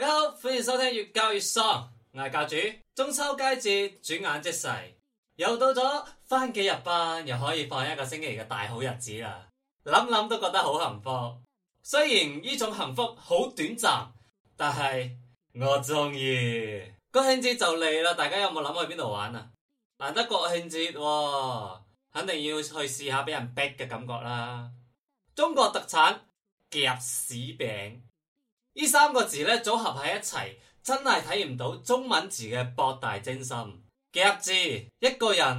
大家好，歡迎收聽《粵教粵喪》，我係教主。中秋佳節轉眼即逝，又到咗返幾日班又可以放一個星期嘅大好日子啦，諗諗都覺得好幸福。雖然呢種幸福好短暫，但係我中意。國慶節就嚟啦，大家有冇諗去邊度玩啊？難得國慶節，喎，肯定要去試下俾人逼嘅感覺啦。中國特產夾屎餅。呢三個字咧組合喺一齊，真係體驗到中文字嘅博大精深。夾字一個人。